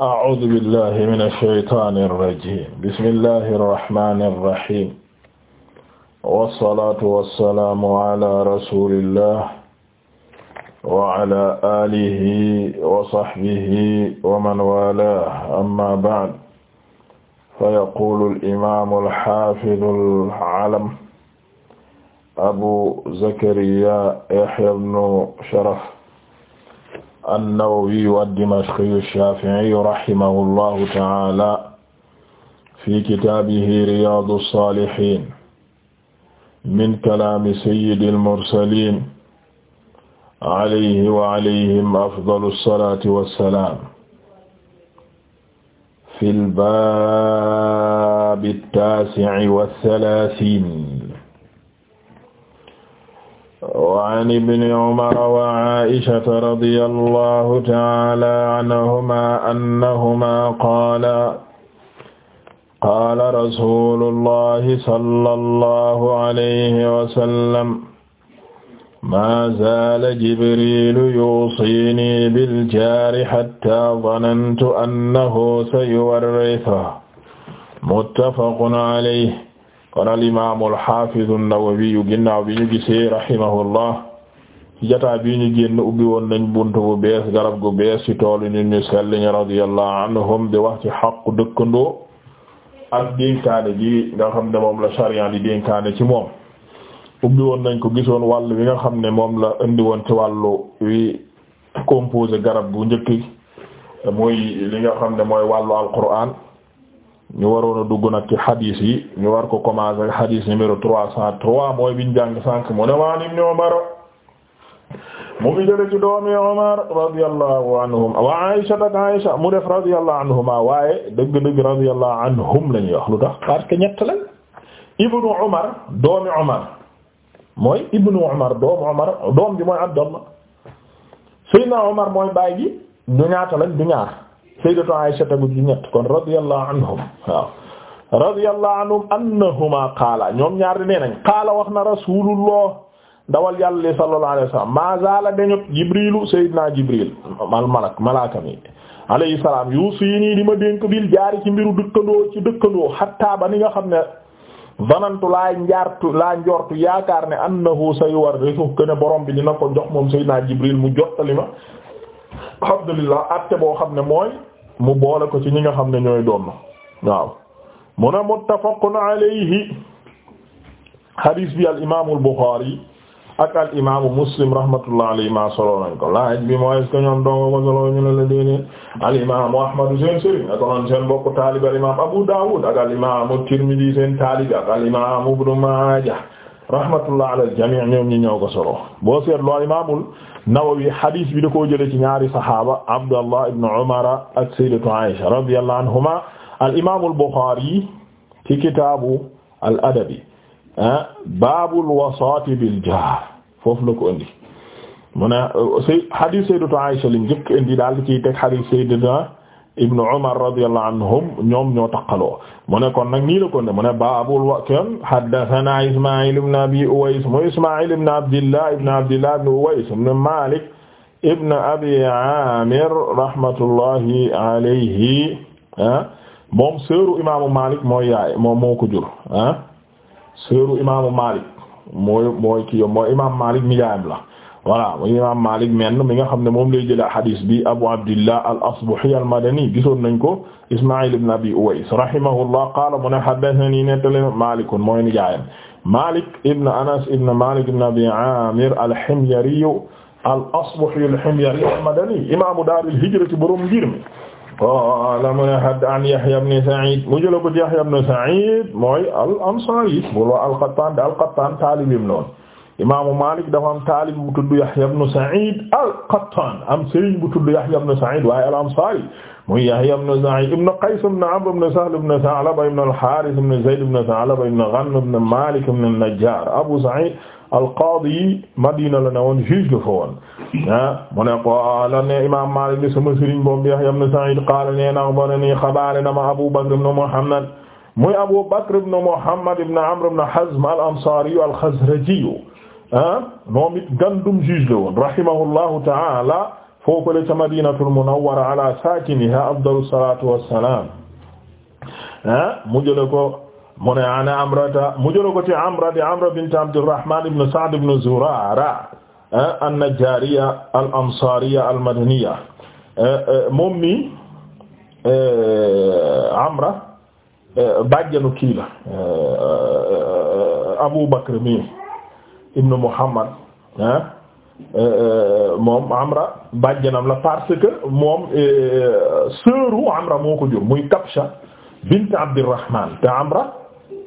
أعوذ بالله من الشيطان الرجيم بسم الله الرحمن الرحيم والصلاة والسلام على رسول الله وعلى آله وصحبه ومن والاه أما بعد فيقول الإمام الحافظ العلم أبو زكريا يحيى بن شرف an-Nawawiyu ad-Dimashqiyu ash-Shaafi'iyu rahimahullahu ta'aala fi kitaabihi Riyaadu s-Saalihiin min kalaami sayyidil mursaliin alayhi wa alayhim afdalu s-salaati wa s-salaam fil baabi t-taasi'i wa th-thalaathiin waan ibni umara wa aishata radiya allahu taala anhuma annahuma qaala qaala rasulullahi sallallahu alayhi wa sallam maa zaala jibrilu yuusiini biljaari hatta zanantu annahu sayuwarrithuhu muttafaqun alayhi kon al imaam al xaafiz an-Nawawi ginnaaw bi ñu gisee rahimahullah ci jataa bi ñu génn ubbi woon nañ bunt bu bees garab gu bees ci tool yi ñu sell ñi radiyallahu anhum di wax ci xaqu dëkkandoo ak dénkaane ji nga xam ne moom la sharia di dénkaane ci moom ubbi woon nañ ko gisoon wàll wi nga xam ne moom la indi woon ci wàllu wi composé garab gu njëkk mooy li nga xam ne mooy wàllu alquran ñu waroon a dugg nag ci xadiis yi ñu war ko commencer xadiis numéro trois cent trois mooy mu ne waan ibn Umar mu ngi jële doomi Umar radiyallahu anhum wa Aisha tak Aisha mu def radiyallahu anhuma waaye dëgg-dëgg radiyallahu anhum la ñuy wax lu tax parce que ñett la ibnu Umar doomi Umar mooy ibnu Umar doomu Umar doom bi mooy Abdallah Seydina Umar mooy baay gi du ñaata lañ sayyidatu Aisha tagu ci ñett kon radiyallahu anhum waaw radiyallahu anhum annahuma qaala ñoom ñaar di nee nañ qaala wax na rasulullah dawal yàlla li sallallahu alayhi wasallam ma zaala dañu jibrilu sayyidina jibril mal malak malaaka mi alayhi salaam ma dénk bil jaari ci mbiru dëkkandoo ci dëkkandoo hatta ba ni nga xam ne vanantu laa njaartu laa njortu yaakaar ne annahu sayuwarrisu ne borom bi dina ko jox moom sayyidina jibril mu jottali ma alhamdulillah atte boo xam ne mooy mu boole ko ci ñi nga xam ne ñooy doon waaw mu ne muttafaqun alayhi hadis bi al imaamul Bukhari ak al imaamu Muslim rahmatullah alayhi ma solo nañ ko laaj bi mooy est-ce ñoom doon ko solo ñu ne la déedéet al imaamu Ahmad seen sëriñ ak onoon seen bokk taalib al imaam Abu Dawud ak al imaamu Tirmidhi seen taalib ak al imaamu Ibnu Maaja rahmatullah ala al-jamii ñoom ñi ñoo ko solo boo seetloo al imaamul Nawawi hadith bi da koo jëlee ci ñaari saxaaba Abdallah ibn Umar ak sayyidatu Aisha radiyallahu anhuma al imaamul Bukhari ci kitaabu al adabi ah baabul wasaati bil jaar foofu la ko indi mu ne uh, hadith sayyidatu Aisha li njëkk indi daal di ciy teg hadith sayyidina ibnu umar radiyallahu anhum ñoom ñoo taqaloo mu ne kon nag nii la ko ne mu ne baabul wa kon haddathana ismail ibn abi uways mu ismail ibn abdillah ibn abdillah ibn uways ibn malik ibn abi amir rahmatullahi alayhi ah, moom seeru imaamu malik mooy yaay moom moo ko jur ah seeru imaamu malik mooy mooy ki yo mooy imam malik mi yaayam la voilà imam Malik menn mi nga xam ne moom lay jëlee hadis bi Abu Abdillah al-Asbahi al-Madani gisoon nañ ko Isma'il ibn Abi Uways rahimahullah qaala mu ne haddathani nettali Malikun mooy nijaayam Malik ibn Anas ibn Malik ibn Abi Amir al-Himyari al-Asbahi al-Himyari al-Madani imaamu daar al-hijra ci borom mbir mi qaala mu ne an Yahya ibn Sa'id mu jëlee ko Yahya ibn Sa'id mooy al-Ansari wala al-Qattan al-Qattan taalibim noonu imaamu Malik dafa am taalib bu tudd Yahya ibn Sa'id al-Qattan am sëriñ bu tudd Yahya ibn Sa'id waaye al-Ansari muy Yahya ibn Sa'id ibn Qays ibn Amr ibn Sahl ibn Tha'laba ibn al-Harith ibn Zayd ibn Tha'laba ibn Ghanm ibn Malik ibn an-Najjar Abu Sa'id al-Qadi Madina la ne woon juge de foofu ah mu ne qaala ne imaam Malik ne sama sëriñ boobu Yahya ibn Sa'id qaala nee na akhbarani xabaare na ma Abu Bakr ibn Muhammad muy Abu Bakr ibn Muhammad ibn Amr ibn Hazm al-Ansari al-Khazraji ah moom it gandum juge la woon rahimahullahu taala foofale ca madinatul munawwara ala saakiniha afdalu salatu wassalam ah mu jële ko mu ne ana amrata mu jële ko ci amra di amra bint abdirrahman ibn sa'd ibn zurara ah an-najjariya al-ansariya al-madaniya eh, eh, moom mi eh, amra bàjjanu kii la Abu Bakr mi ibnu Muhammad ah euh, euh, moom Amra bàjjanam la parce que moom euh, sœuru Amra moo ko jur muy Kabsha bint Abdurrahman te Amra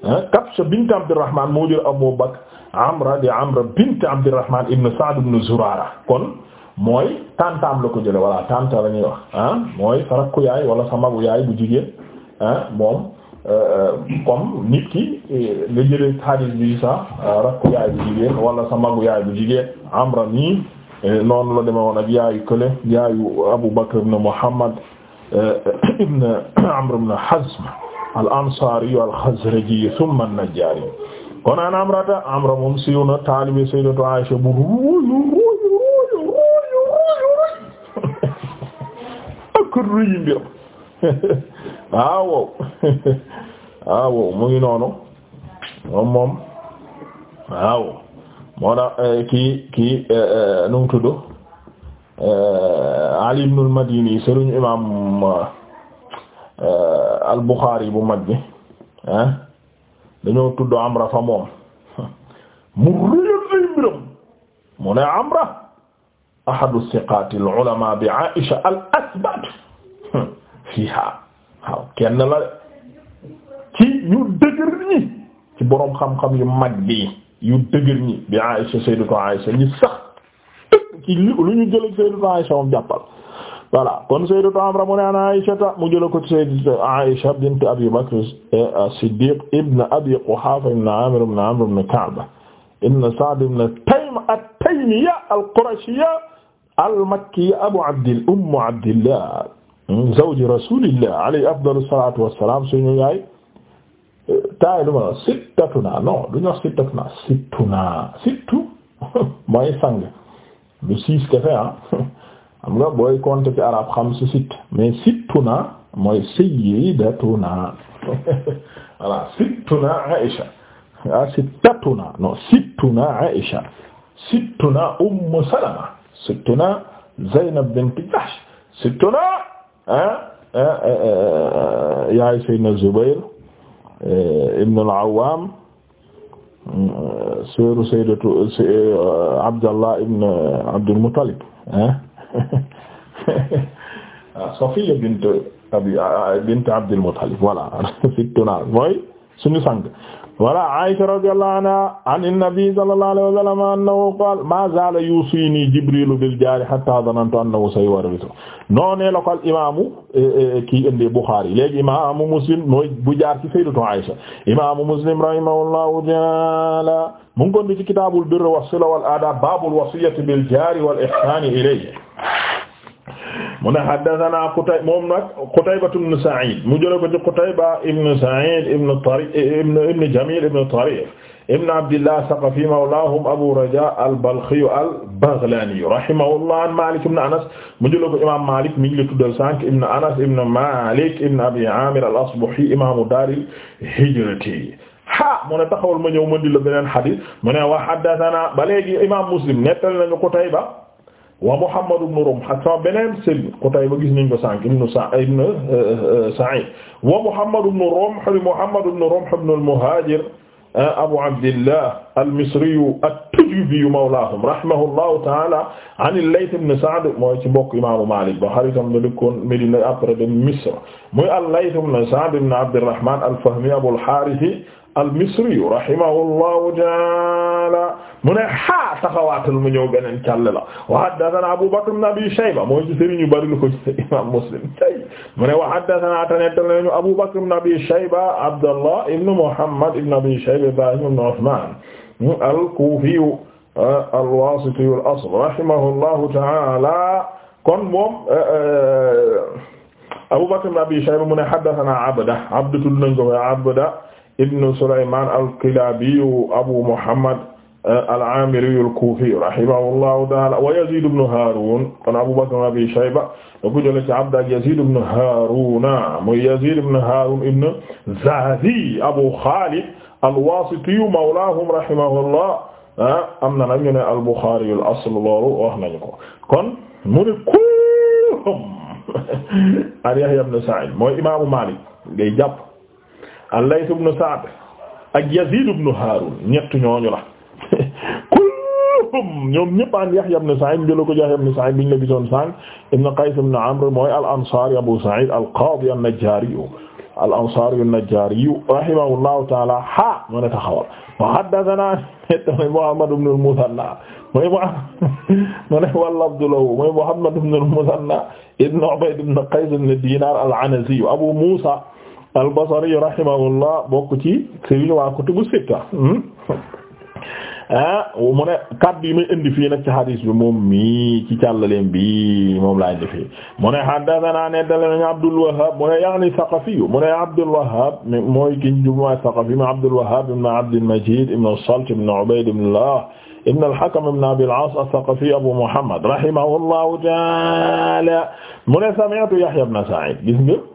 ah Kabsha bint Abdurrahman moo jur Abu Bakr Amra di Amra bint Abdurrahman ibn Sa'd ibn Zurara kon mooy tantaam la ko jële voilà tanta la ñuy wax ah mooy sa yaay wala sa yaay bu jigéen ah, moom. comme euh, nit ki nga jëlee hadith bi sa rakku yaay bu jigéen wala sa magu yaay bu jigéen amra nii euh, noonu la deme woon ak yaayu kële yaayu Abu Bakr ibn Muhammad euh, ibn Amr ibn Hazm al-Ansari al-Khazraji kon an amrata amra moom siiw na taalibe sayyidatu Aisha bu ruuyu ruuyu ruuyu ruuyu ruuyu ak ruuyu mbir Ah, waaw ah, waaw mu ngi noonu moom moom ah, waaw moo tax eh, kii kii eh, eh, nu mu tudd Ali ibn al-Madini sëriñ imaam al-Bukhari bu mag bi ah dañoo tudd Amra fa moom mu rëyal ay mbiram mu ne Amra ahadu siqaati al-ulama bi Aisha al-asbat fiha waaw kenn la ci ñu dëgër ñi ci boroom xam-xam yu mag bi yu dëgër ñi bi Aisha sayyidatu Aisha ñi sax ci li lu ñu jël sayyidatu Aisha moom jàppal voilà kon sayyidatu Amra mu ne an Aisha ta mu jël ko sayyidatu Aisha bint Abi Bakr e, as-Siddiq ibn Abi Quhafa ibn Amir ibn Amr ibn Ka'b ibn Sa'd ibn Taym at-Taymiyya al-Qurashiyya al-Makkiyya Abu Abdillah Ummu Abdillah zawji rasulillah alayhi afdalu salatu wassalam suñu yaay taay lu ma wax sittatuna non duñu wax sittatuna mooy sang du siis kefe am ah. nga booy compter ci arab xam si mooy sayyidatuna voilà sittuna Aïcha ah sittatuna Salama sittuna Zaynab bint Jahsh sittuna Ah, ah, ah, yaay Seydina Zubayr eh, ibn al-Awwam eh, seeru Sayyidatu eh, Abdallah ibn Abdul Muttalib Safiya bint abi bint Abdul Muttalib voilà mooy suñu sang voilà Aisha radiyallahu anha an an-nabi sallallahu alayhi wa sallam annahu qaala ma zaala yuusini jibrilu bil jaari hatta dhanantu annahu sayuwarrithu noonee la ko al imaamu e, e, e, kii indi Bukhari léegi imaamu Muslim mooy bu jaar ci sayyidatu Aisha imaamu Muslim rahimahullahu ta'ala mu ngi ko ci kitaabul birri was-sila wal aadaab baabul wasiyyati bil jaari wal ihsaani ilayhi mu ne haddathana Qutay moom nag Qutayba ibn Sa'id mu jële ko ci Qutayba ibn Sa'id ibn Tariq ibn Jamil ibn Tariq ibn Abdillah Saqafi mawlahum Abu Raja al-Balkhi al-Baghlani rahimahullah an Malik ibn Anas mu jële ko imam Malik mi ngi la tuddal sànq ibn Anas ibn Malik ibn Abi Amir al-Asbahi imamu dar al-hijrati ha mu ne taxawal ma ñëw ma di la beneen hadith mu ne wa haddathana ba léegi imam Muslim nettal nañu Qutayba wa Muhammad ibn Rumh sama beneen sëriñ Qutayba gis nañ ko sànq ibn euh, euh, Sa'id wa Muhammad ibn Rumh Muhammad ibn Rumh ibn al-Muhajir euh, Abu Abdillah al-Misri at-Tujubi mawlaahum rahimahullahu ta'ala an al-Layth ibn Sa'd mooy ci mbokk Imaamu Maalik ba xaritam la dëkkoon Medina après de Misr muy al-Layth ibn Sa'd ibn Abdirrahmaan al-Fahmi Abul Haarith al-Misriyu rahimahullahu taala mu ne xaa taxawaatal mu ñëw beneen càll la wa haddathana Abu Bakr ibn Abi Shayba mooy ci sëriñ yu bari lu ko ci Imam Muslim tay mu ne wa haddathana tanettal nañu Abu Bakr ibn Abi Shayba Abdallah ibn Muhammad ibn Abi Shayba Ibrahim ibn Uthman al-Kufiyu uh, al-Wasitiyu al-asl rahimahullahu taala kon moom uh, uh, Abu Bakr ibn Abi Shayba mu ne haddathana Abda Abda tudd nañ ko Abda ibnu Sulaymaan al-Kilaabiyu abu Muhammad eh, al-Aamiriyu al-Kuufiyu rahimahullahu ta'aala wa Yaziid ibnu Haaruun kon Abu Bakr ibnu Abi Shayba da ko jëlee ci Abd ak Yaziid ibnu Haaruun muy Yaziid ibnu Haaruun ibnu Zaadi Abu Xaalid al-Waasitiyu mawlaahum rahimahullah eh, am na nag ñu ne al-Buxaari al-asl loolu wax nañu ko kon mu ne kulluhum an Yahya ibnu Sa'iid mooy imaamu Maalik ngay jàpp al-Layth ibn Sa'd ak Yazid ibn Harun ñett ñooñu la kulluhum ñoom ñëpp an Yahya ibn Sa'id jëla ko Yahya ibn Sa'id biñ la gisoon sànq ibn Qays ibn Amr mooy al-Ansari Abu Sa'id al-Qadi an-Najjari al-Ansari an-Najjari rahimahullahu ta'ala ha moo ne taxawal wa haddathana Muhammad ibn al-Muthanna mooy mu ne wallabdu lahu mooy Muhammad ibn al-Muthanna ibn Ubayd ibn Qays ibn Dinar al-Anazi Abu Musa al-Basri rahimahullah bokk ci sëriñ waa kutubu sitta hmm? ah mu ne kaddu yi may indi fii nag ci hadis bi moom mii ci càllaleem bi moom laa indi fii mu ne haddathana nettali nañu Abdul Wahhab mu ne yaani Saqafi mu ne Abdul Wahhab mooy kiñ jumuwaay Saqafi ma Abdul Wahhab ibn Abdil Majid ibn as-Salt ibn Ubaydillah ibn al-Hakam ibn Abi al-As as-Saqafi Abu Muhammad rahimahullahu ta'ala mu ne sami'tu Yahya ibn Sa'id gis nga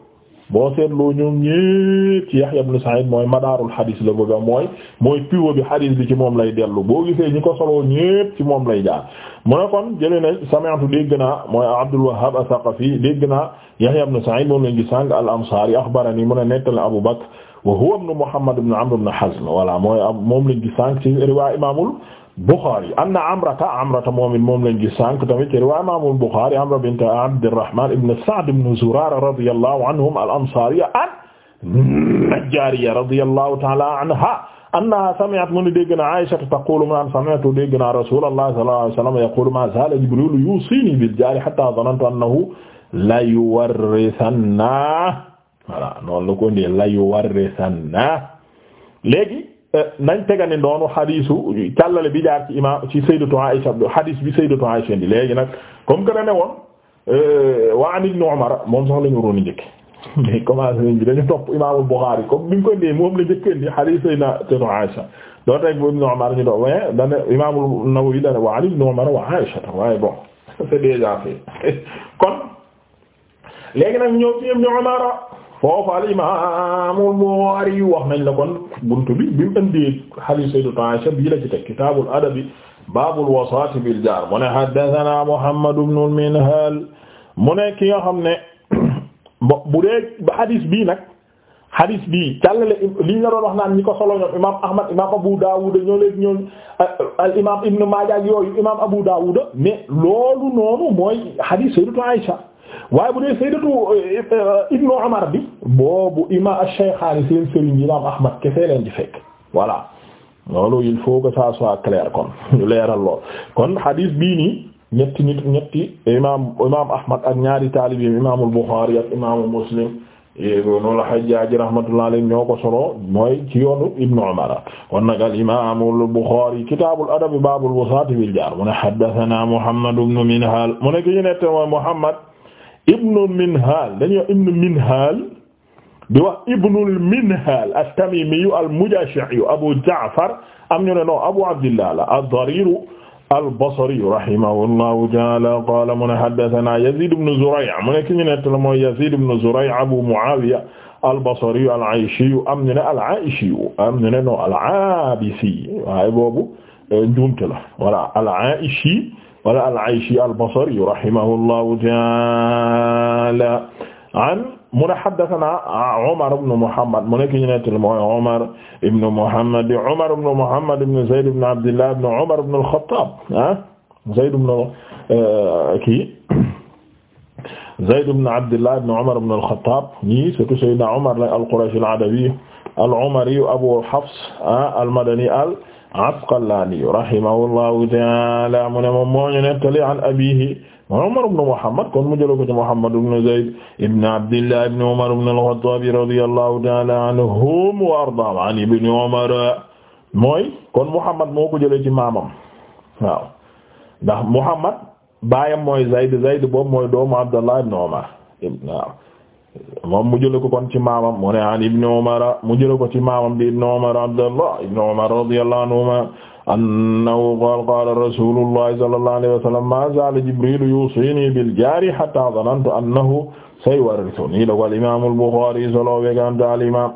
boo seetloo ñoom ñépp ci Yahya ibn Sa'id mooy madaarul xadiis la bëgg a mooy mooy pivot bi xadiis bi ci moom lay dellu boo gisee ñi ko soloo ñépp ci moom lay jaar mu ne kon jëlee na sami'tu dégg naa mooy Abdul Wahhab as-Saqafi dégg naa Yahya ibn Sa'id moom lañ gi sàng al-Ansari axbarani mu ne nettali Abu Bakr wa huwa ibn Muhammad ibn Amr ibn Hazm voilà mooy moom lañ gi sàng ci riwaa imaamul Bukhari anna Amrata Amrata moom it moom lañ gis sànq tamit ci riwaaya Imaamul Bukhari Amra bint Abdirrahman ibn Sa'd ibn Zurara radiyallahu anhum al-Ansariya an-Najjariya radiyallahu ta'ala anha annaha sami'at mu ne dégg na Aisha taqulu man sami'tu dégg na Rasulullah sallallahu alayhi wa sallam yaqulu ma zala Jibril yusini bil jari hatta dhanantu annahu la yuwarrithanna voilà noonu la ko ndee la yuwarrithanna léegi Euh, nañ tegani noonu xadiisu càllale bi jaar ci imaam ci sayyidatu Aisha xadiis bi sayyidatu Aisha di léegi nag comme que dane woon euh, wa an ibn Umar moom sax la ñu waroon a njëkk mais commencé nañ bi dañu topp imaamul Buxaari comme bi ñu ko ndee moom la njëkkee ndi xadiis a Aisha doo teg bu ibn Umar ñu doon waaye dane imaamul Nawawi dane wa an ibn Umar wa Aisha waaye bon c'est déjà fait kon léegi nag ñëw ci foofu al imaamul Buxaari yu wax nañ la kon buntu bi bi mu indi hadiis Sayyidatu Aysa bi la ci teg kitaabul adabi baabul wasaati bil jaar mu ne Muhammad ibnul Minhaal mu ki nga xam ne bo bu dee hadiis bii nag hadiis bii càllale li la doon wax naan ñi ko solo ñoom imaam Abu Daawud ñoo leen ñoo al imaam Ibn Maaja ak yooyu imaam Abu Daawud waaye bu dee sayyidatu eh, ibnu Umar bi boobu ima ash-Shaykhaani seen sëriñ imaam Ahmad kese leen di fekk voilà loolu il faut que ça soit clair kon leeral lool kon hadith bii ñetti nit ñetti imaam imaam ak ñaari taalibi imaamul Buxaari ak imaamu Muslim ibnul Hajjaaj rahmatullahi alayhi mooy ci yoonu Ibnu Umar kon nag al imaamul Buxaari kitaabul adab baabul wasaati bil jaar mu ne Muhammad ibnu Minhaal mu ki ñu Muhammad ibnu minhal dañuy wax ibnu minhal di wax ibnul minhal at-tamimiyu al-mujashi'iyu abu ja'far am ñu ne non abu abdillah la ad-dariru al-basriyu rahimahullahu ta'ala qala mu ne haddathana yazid ibnu zuray' mu ne ki ñu nett la mooy yazid ibnu zuray' abu muawiya al-basriyu al-ayshiyu am ñu ne al-ayshiyu am ñu ne non al-abisi waaye boobu eh, njuumte la voilà al-aishi wala al-Ayshi al-Basri rahimahullahu ta'ala an mu ne haddathana Omar ibn Muhammad mu nekk ñu nettali mooy Omar ibn Muhammad di Omar ibn Muhammad ibn Zayd ibn Abdillah ibn Omar ibn al-Khattab ah Zayd ibn eh, kii Zayd ibn Abdillah ibn Omar ibn al-Khattab ñii surtout Seydina Omar la al-Qurashi al-Adawi al-Omari Abu Hafs ah, al-Madani al Abqalaani rahimahullahu ta'aala mu ne moom moo ñu nettali an abiihi Umar ibn Muhammad kon mu jëloon ko ci Muhammad ibn Zayd ibn Abdillah ibn Umar ibn al-Khattab radiyallahu ta'aala anhum wa ardaahum an ibn Umar mooy kon Muhammad moo ko jëlee ci maamam waaw ndax Muhammad baayam mooy Zayd Zayd boobu mooy doomu Abdallah ibn Umar waaw. moom mu jële ko kon ci maamam mu ne an ibni umara mu jële ko ci maamam di ibni umara abdallah ibni umar radiyallahu anhuma annahu qaala qaala rasulullahi sallallahu alayhi wa sallam ma zaala jibrilu yusiini bil jaari hatta zanantu annahu sayuwarrisuni la wal imam al bukhari solo wegante al imam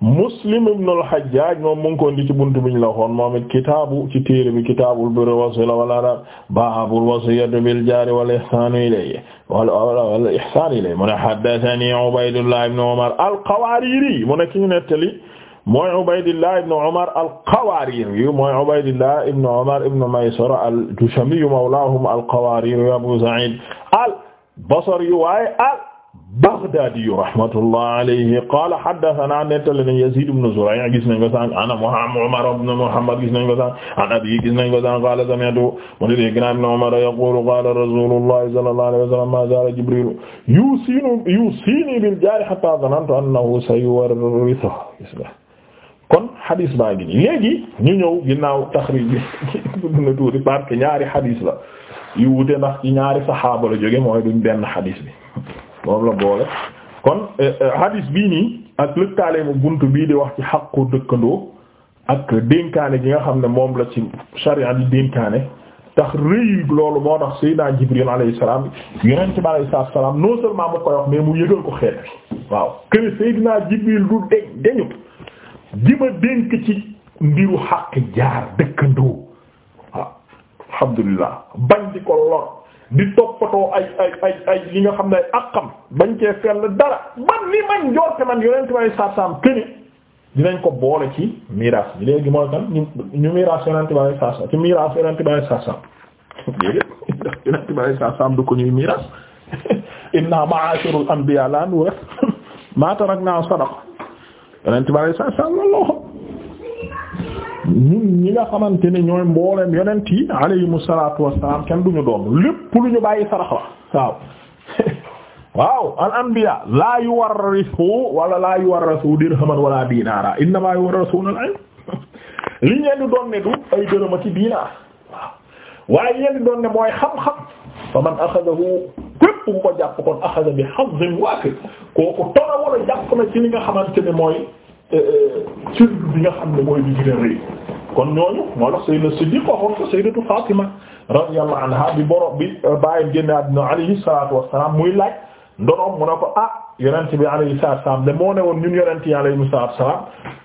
muslim ibn al hajjaj moom mu ngi ko indi ci buntu biñ la xoon moom it kitaabu ci téere bi kitaabul birri wal sila wal adab baabul wasiyyati bil jaari wal ihsaani ilayhi wal ihsaan ilay mu ne haddathani Ubaydullah ibn Umar al-Qawariri mu ne ki ñu nettali mooy Ubaydullah ibn Umar al-Qawariri mooy Ubaydullah ibn Umar ibn Maysara al-Jushami mawlahum al-Qawariri Abu Sa'id al-Basri waaye al Baghdaadi rahmatullah alayhi qaala haddathanaa nettali nañ Yaziid ibn Zuray' gis nañ ko sànq ana Umar ibn Muhammad gis nañ ko sànq an abiihi gis nañ ko sànq qaala sami'tu mu ne dégg naa ibn Umar yaquulu qaala rasuulullahi sallallahu alayhi wa sallam maa zaala Jibriil yuusiinii yuusiinii bil jaari hattaa dhanantu annahu sayuwarrithuhu kon hadis baa ngi nii léegi ñu ñëw ginnaaw taxriij bi dugg na tuuti parce que ñaari hadis la yu wute ndax ci ñaari saxaaba la jóge mooy duñ benn hadis bi. moom la boole kon euh, euh, hadith bii nii ak lëkkaaleemu bunt bii di wax ci ko dëkkandoo ak dénkaane gi nga xam ne moom la ci sharia di dénkaane tax rëy loolu moo tax Seydina Jibril alayhi salaam yonent bi alayhi salaam non seulement mu koy wax mais mu yëgal ko xeet bi waaw kër Seydina Jibril du deñ deñut di ma ci mbiru xaq jaar dëkkandoo waaw alhamdulillah bañ di ko lor di toppatoo ay ay ay li nga xam ne ay akam bañ cee fell dara man li man njorte man yonent bay saasam këni dinañ ko boole ci miraas léegi mooy kan ñu ñu miraas yonent bay saasam ci miraas yonent bay saasam léegi ndax yonent bay saasam du ko ñuy miraas inna ma'ashirul anbiya la nuwarith ma tarakna sadaqa yonent bay saasam loolu ñun ñi nga xamante ne ñooy mbooleem yonent yi alayhimu salaatu wassalaam kenn duñu doon lépp lu ñu bàyyi sarax la waaw waaw al anbiya laa yuwarrisu wala laa yuwarrisu dirhaman wala dinaara innamaa yuwarrisuna al ilm li ñeen di ne du ay dërëm ak dinaar waaw waaye ñeen doon ne mooy xam-xam fa man axadahu képp ku ko jàpp kon axada bi hazzin waafir kooku tora wala jàpp na ci li nga xamante ne mooy cër euh, euh, bi nga xam ne mooy bi rëy kon ñooñu moo tax Sayyidina Siddiq waxoon ko Sayyidatu Fatima radiyallahu anha bi borom bi euh, bàyyim génne àddina alayhi muy laaj ndoroom mu ne ko ah yonent bi alayhi salaatu wassalaam de moo ne woon ñun yonent yi alayhi salaatu wassalaam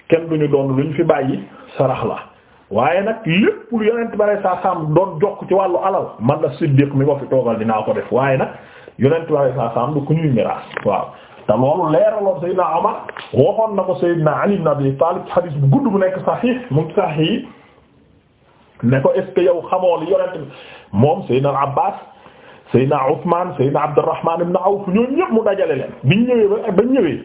kenn duñu doon luñ fi bàyyi sarax la waaye nag lépp lu yonent bi alayhi salaatu doon jokk ci wàllu alal man la Siddiq mi ko fi toogal dinaa ko def waaye nag yonent bi alayhi salaatu wassalaam ku ñuy miraas waaw te loolu leeraloon Seydina Omar waxoon na ko Seydina Ali ibn Abi Talib xadiis bu gudd bu nekk saxiix mu ngi saxiix ne ko est ce que yow xamoo li yonent moom Seydina mu dajale leen biñ ñëwee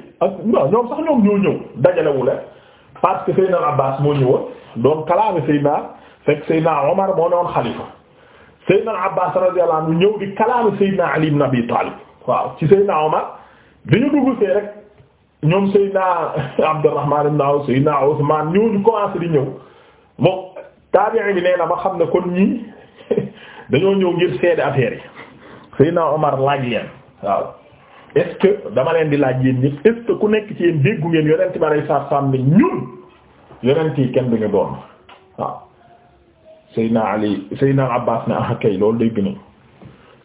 ba moo ñëwoon doon kalaame Seydina moo newoon xalifa Seydina Abbas radiyallahu ñëw di kalaame Abi Talib waaw ci Seydina bi ñu dugg see rek ñoom Seydina Abdurrahman ibn Awf Seydina Usman ñooñu commencé di ñëw moom taabi'i bi nee ba xam ne kon ñii dañoo ñëw ngir seede affaire yi Seydina Omar laaj leen waaw est dama leen di laaj yéen ñëpp est ku nekk ci yéen déggu ngeen yonent ba rey saar saam ne ñun yonent yi kenn duñu doon waaw Seydina Ali Seydina Abbas ne ah kay loolu dégg nañ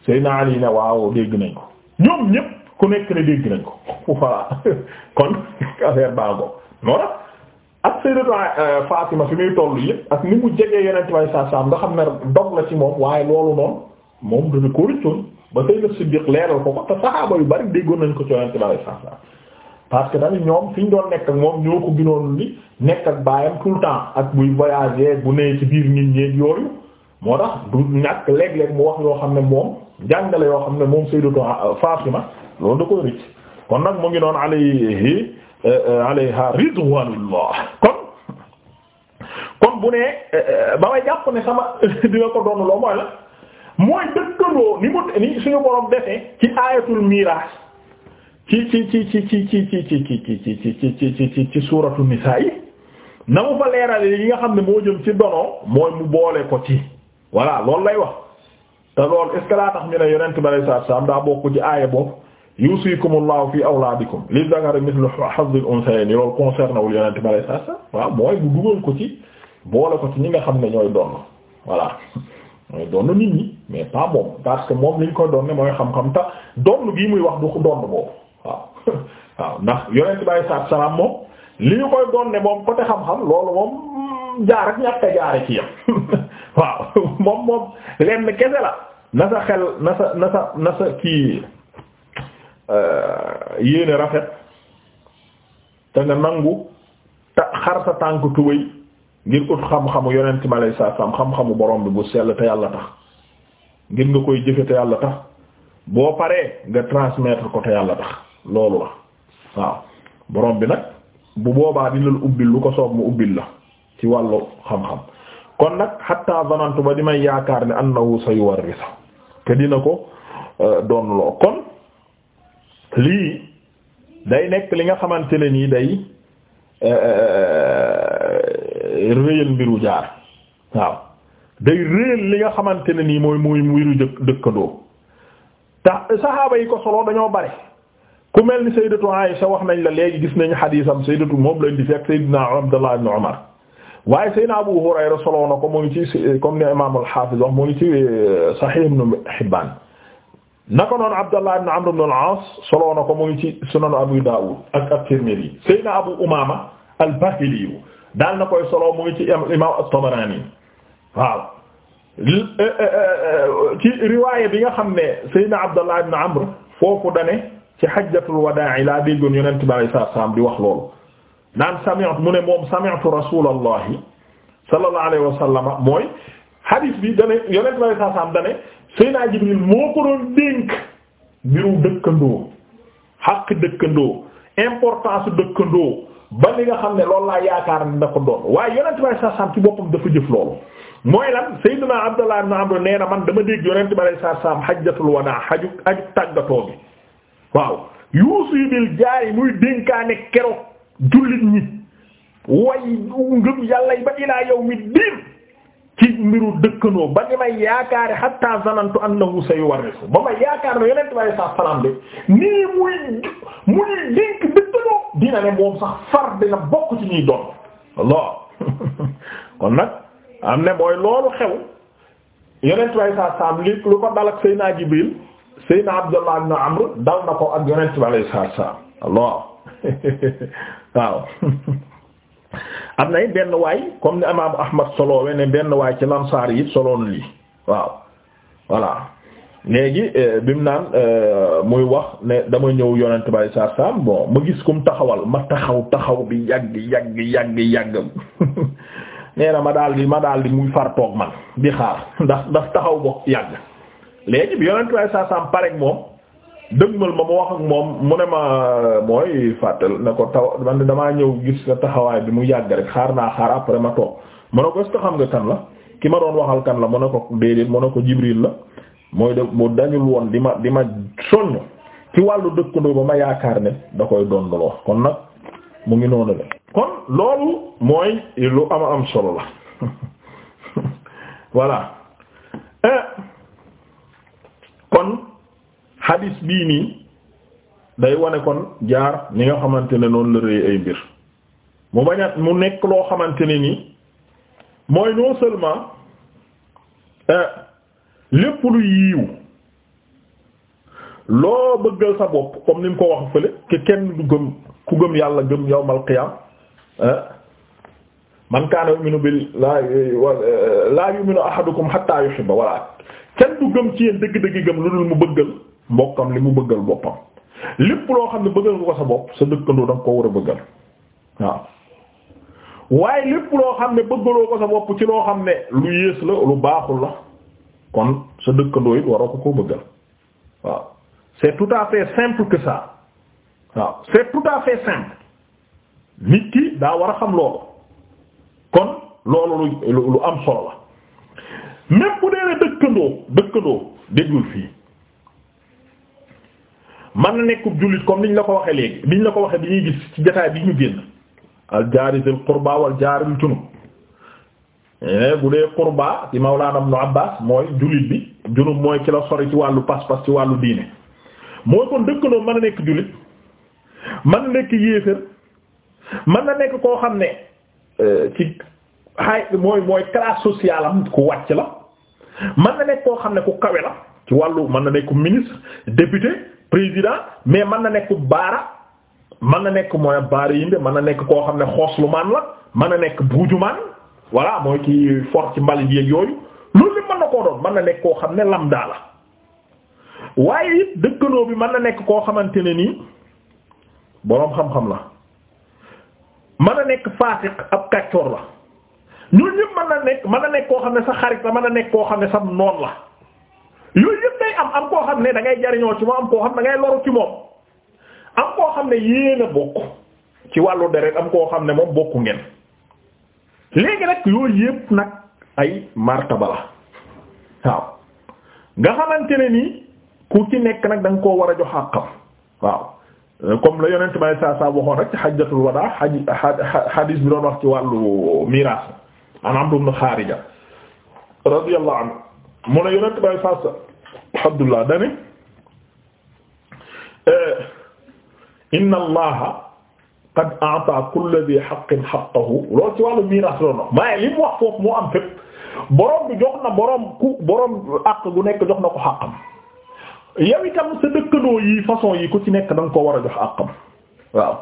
Seydina Ali ne waaw dégg nañ ko ñoom ku nekk ne dégg nañ ko voilà kon affaire baago noonu ak Sayyidatu euh, ma fi muy tollu yëpp ak ni mu jegee yeneen way saa saam nga xam ne dog la ci moom waaye loolu noonu moom dafa ko rëccoon ba Sayyidatu Siddiq leeral yu bari déggoon nañ ko ci yeneen way saa saam parce que tamit ñoom fi ñu doon nekk ak moom ñoo ko ginoon li nekk ak baayam tout le temps ak buy voyager bu nee ci biir nit ñeeg yooyu moo tax du ñàkk léeg-léeg mu wax yoo xam ne moom jàngale yoo xam ne moom Sayyidatu euh, ma loolu da koy rëcc kon nag mu ngi doon alayhi alayha ridwanullah kon kon bu ne ba may jàpp ne sama dina ko doon loo mooy la mooy dëkkaloo ni mu ni suñu borom defee ci ayatul miraas ci ci ci ci ci ci ci ci ci suuratu nisaa yi na mu fa leerale yi nga xam ne moo jëm ci donoo mooy mu boole ko ci voilà loolu lay wax te loolu est-ce que laa tax ñu ne yonent bi sallallahu alayhi wasallam daa bokk ci aaya boobu yusikumullahu fi awlaadikum li dakari mithlu hazzil unsayni loolu concerné nga xam ne ñooy doon voilà mooy doon mais moom parce que moom li ñu doon ne mooy xam-xam ta muy wax du doon boobu waaw waaw ndax yonent bay li ñu koy doon ne moom côté xam-xam loolu moom jaar ak a jaare moom moom lenn kese la na sa xel na sa na sa na sa kii Euh, yéene rafet te nga nangu ta xar sa tànk tubéy ngir ut xam-xamu yonent mi alayhi xam-xamu borom bi bu sell te yàlla tax ngir nga koy jëfe te yàlla tax boo paree nga transmettre ko te yàlla tax loolu la waaw borom bi nag bu boobaa dina la ubbil lu ko soob mu ubbil la ci wàllu xam-xam kon nag hatta zanantu ba di may yaakaar ne annahu sayuwarrisu te dina ko euh, doon loo kon lii day nekk li nga xamante ne nii day euh, euh, euh, réyal mbiru jaar waaw day réyal li nga xamante ne nii mooy mu mbiru jëkk dëkkandoo tax saxaaba yi ko solo dañoo bare ku mel ni sayyidatu Aisha wax nañ la léegi gis nañu xadiisam sayyidatu moom lañ di fekk sayyidina Abdullah ibn Umar waaye sayyidina Abu Hurayra solo ko mu ngi ci comme ni imaam al-Hafiz wax mu ngi ci Sahih Ibn Hibban naka noonu Abdallah ibn Amr ibn al-As soloo na ko mu ngi ci sunan Abu Dawud ak ak Tirmidhi Seydina Abu Umama al-Bahili daal na koy soloo mu ngi ci imam at-Tabarani waaw e, e, e, ci riwaaya bi nga xam ne Seydina Abdallah ibn Amr foofu dane ci hajjatul wadaa laa déggoon yonent bi alayhi salaatu salaam di wax loolu naan sami'tu mu ne moom sami'tu rasulallahi sallallahu alayhi wa sallam mooy hadith bi dane yonent bi alayhi salaatu salaam dane Seydina Jibril moo ko doon dénk mbiru dëkkandoo xaq dëkkandoo importance dëkkandoo ba nga xam ne lool laa yaakaar ne da ko doon waaye yonent bi saa saam ci boppam dafa jëf loolu. mooy lan Seydina Abdallah ibn Amr nee man dama dégg yonent bi saa hajjatul wadaa xaju aju tàggatoo bi waaw yuusi bil jaari muy dénkaane keroog jullit ñi way ngëm yàlla ba ilaa yawmi diin ci mbiru dëkkandoo ba ni may yaakaari hatta zanantu annahu sayuwarrisu ba ma yaakaar ne yonent bi alayhi salaam de nii muy muy dénk dëkkandoo dina ne moom sax far dina bokk ci ñuy doon Allah kon nag am ne mooy loolu xew yonent bi alayhi salaam li lu ko dal ak Seydina Jibril Seydina Abdullah ibn Amr dal na ko ak yonent bi alayhi salaam Allah waaw am na benn waay comme ni imaamu Ahmad solo we ne benn waay ci lansaar yi soloon lii waaw voilà léegi euh, bi mu naan euh, muy wax ne dama ñëw yonent bay saar saam ma gis kum taxawal ma taxaw taxaw bi yàgg yàgg yàgg yàgg nee na ma daal di ma daal di muy far toog man di xaar ndax ndax taxaw boo yàgg léegi bi yonent bay saar saam pareek moom dëgmal ma ma wax ak moom mu ne ma mooy fàttal ne ko taw man damaa ñëw gis nga taxawaay bi mu yàgg rek xaar naa xaar après ma toog ma ne ko est xam nga kan la ki ma doon waxal kan la mu ne ko déedéet mu ne ko Jibril la mooy de mu dañul woon di ma di ma soññ ci wàllu dëkkandoo ba ma yaakaar ne da koy dondaloo kon nag mu ngi noonu la kon loolu mooy lu ama am solo la voilà eh. kon hadis bii nii day wane kon jaar ni nga xamante ne noonu la rëy ay mbir mu bañ a mu nekk loo xamante ne nii mooy non seulement euh, lépp lu yiiw loo bëggal sa bopp comme ni mu ko wax fële ke kenn du gëm ku gëm yàlla gëm yawmal qiyaam euh, man kaana yu'minu billahi laa yu'minu ahadukum hatta yuhibba wala kenn du gëm ci yéen dëgg-dëgg gëm lu dul mu bëggal mbokkam li mu bëggal boppam lépp loo xam ne bëggal nga ko sa bopp sa dëkkandoo danga koo war a bëggal waaw waaye lépp loo xam ne bëggaloo ko sa bopp ci loo xam ne lu yées la lu baaxul la kon sa dëkkandoo it waroo ko koo bëggal waaw c'est tout à fait simple que ça waaw c'est tout à fait simple nit ki daa war a xam loolu kon loolu lu am solo la même bu dee dëkkandoo dëkkandoo déggul fii. man na nekkub jullit comme niñ la ko waxee léegi la ko waxee bi ñuy gis ci jotaay bi ñu génn al jaari dil qurba wal jaaril eh, bu dee qurba ci mawlaana ibnu Abbaas mooy jullit bi junub mooy ki la sori ci wàllu pas-pas ci wàllu diine mooy kon dëkkandoo mën a nekk jullit mën na nekk yéefér mën na nekk koo xam ne eh, ci hay mooy mooy classe sociale am ku wàcc la mën na nekk koo xam ne ku kawe la ci wàllu mën na nekk ministre député président mais man na nekk baara mën na nekk mooy baara yinde man na nekk koo xam ne xoslu maan la man na nekk buuju maan voilà mooy ki for ci mbal yeeg yooyu loolu lépp mën na koo doon mën na nekk koo xam ne lambda la waaye it bi mën na nekk koo xamante ne nii boroom xam-xam la man na nekk faasiq ab kàccoor la ñun ñëpp mën na nekk man na nekk koo xam ne sa xarit la mën na nekk koo xam ne sa noon la yooyu yëpp day am am koo xam ne da ngay jariñoo ci moom am koo xam ne da ngay loru ci moom xam ne yéen a bokk ci wàllu deret am koo xam ne moom bokk ngeen léegi nag yooyu yëpp nag ay martaba la waaw nga xamante ne ni ku ci nekk nag da koo war a jox àqam waaw comme la yonent may saa saa waxoon rek ci xajjatul wadaa xadiis bi doon wax ci wàllu miraas an Amr ibn Xaarija radiyallahu anhu mu ne yonent may saa saa Abdullah dane eh, inna allaha qad a'ta kulla dhi haqqin haqqahu loolu ci wàllu miiraas loolu na maaye li mu wax foofu moo am fépp borom bi jox na borom ku borom àq gu nekk jox na ko xàqam yow itam sa dëkkandoo yi façon yi ku ci nekk da nga ko war a jox àqam waaw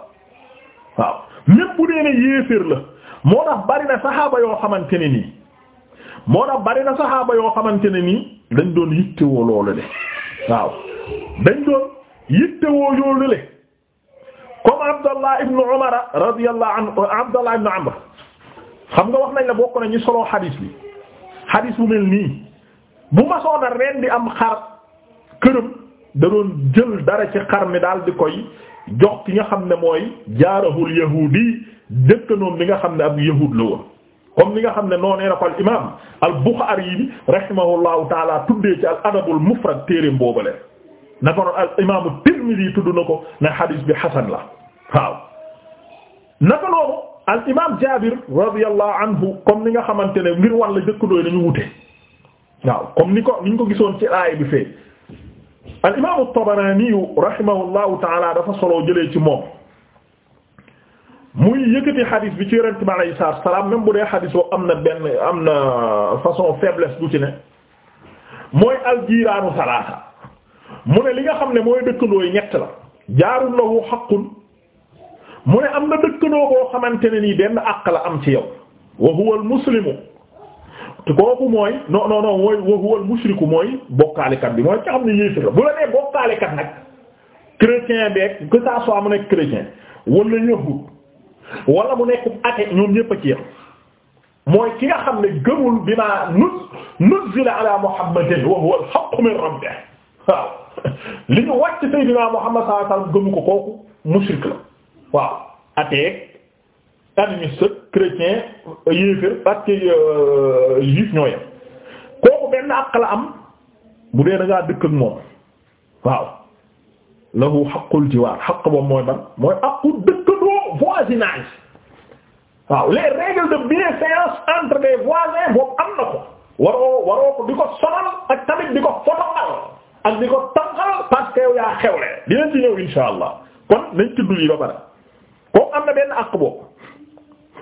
waaw même bu dee ne yéeféer la moo tax bari na saxaaba yoo xamante ne nii moo tax bari na saxaaba yoo xamante ne nii dañ doon yittewoo loolu le waaw dañ doon yittewoo loolu le comme Abdallah ibn Umar radiyallahu anhu Abdallah ibn Amr xam nga wax nañ la bokk na ñu solo xadiis bi xadiis bu mel nii bu ma soona ren di am xar këram da doon jël dara ci xar mi daal di koy jox ki nga xam ne mooy jaarahul yahudi dëkkanoom bi nga xam ne ab yahud la woon comme li nga xam ne noonee na ko al imaam al Buxaari bi rahimahullahu taala tuddee ci al adabul mufrad téereem boobale na ko tudd na ko ne xadiis la waaw naka noonu al imaam Jaabir radiyallahu anhu comme ni nga xamante ne ngir wàll dëkkandoo dañu wute waaw comme ni ko ni ñu ko gisoon ci aaya bi fee al imaamu Tabaraani rahimahullahu taala dafa solo jëlee ci moom. muy yëkkati xadis bi ci yonent bi alayhi salaatu wa salaam même bu dee xadis am na benn am na façon faiblesse bu ci ne mooy al aljiiraanu salaasa mu ne li nga xam ne mooy dëkkandoo yi ñett la jaarul lahu haqqun mu ne am na dëkkandoo boo xamante ne nii benn àq la am ci yow wa huwa al muslimu te kooku mooy non non non mooy wa huwa al mushriku mooy bokkaalekat bi mooy ci xam ne yéefir la bu la nee bokkaalekat nag chrétien beeg que ça soit mu nekk chrétien wala yahud wala mu nekkum ate ñoom ñépp a ci yam mooy ki nga xam ne gëmul bima nuz nuzila ala muhammadin wa huwa al-haqqu min rabbih waaw li ñu wàcc sayyidina muhammad sallallahu alayhi wasallam gëmu ko kooku mushrik la waaw ateek animiste chrétien yéefér parce que euh, juif ñoo yem kooku benn àq la am bu dee da ngaa dëkk ak moom waaw lahu haqqul jiwaar xaq boobu mooy ban mooy aqu dëkkandoo voisinage waaw les règles de bienséance entre les voisins boobu am na ko waroo waroo ko di ko sonal ak tamit di ko fotongal ak di ko tangal parce que yow yaa xewle dinañ ci ñëw insha allah kon nañ tudd yi ba pare ko am na benn àq boobu